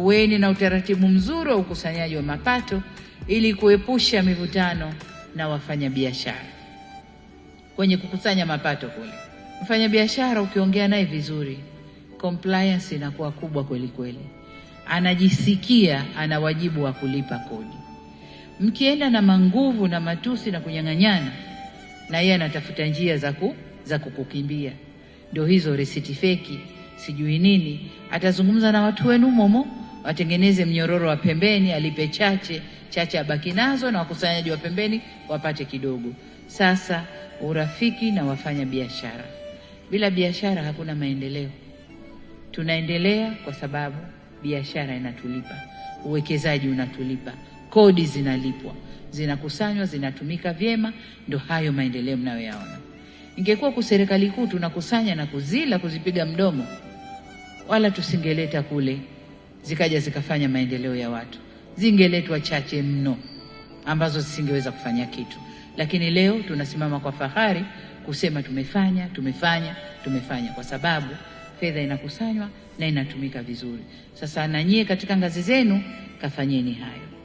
kuweni na utaratibu mzuri wa ukusanyaji wa mapato ili kuepusha mivutano na wafanyabiashara kwenye kukusanya mapato kule. Mfanyabiashara ukiongea naye vizuri, compliance inakuwa kubwa kweli kweli, anajisikia ana wajibu wa kulipa kodi. Mkienda na manguvu na matusi na kunyang'anyana, na yeye anatafuta njia za ku, za kukukimbia, ndio hizo resiti feki sijui nini, atazungumza na watu wenu momo watengeneze mnyororo wa pembeni, alipe chache chache, abaki nazo, na wakusanyaji wa pembeni wapate kidogo. Sasa urafiki na wafanya biashara, bila biashara hakuna maendeleo. Tunaendelea kwa sababu biashara inatulipa, uwekezaji unatulipa, kodi zinalipwa, zinakusanywa, zinatumika vyema. Ndo hayo maendeleo mnayoyaona. Ingekuwa kwa serikali kuu tunakusanya na kuzila kuzipiga mdomo, wala tusingeleta kule zikaja zikafanya maendeleo ya watu. Zingeletwa chache mno ambazo zisingeweza kufanya kitu, lakini leo tunasimama kwa fahari kusema tumefanya, tumefanya, tumefanya, kwa sababu fedha inakusanywa na inatumika vizuri. Sasa na nyie katika ngazi zenu kafanyeni hayo.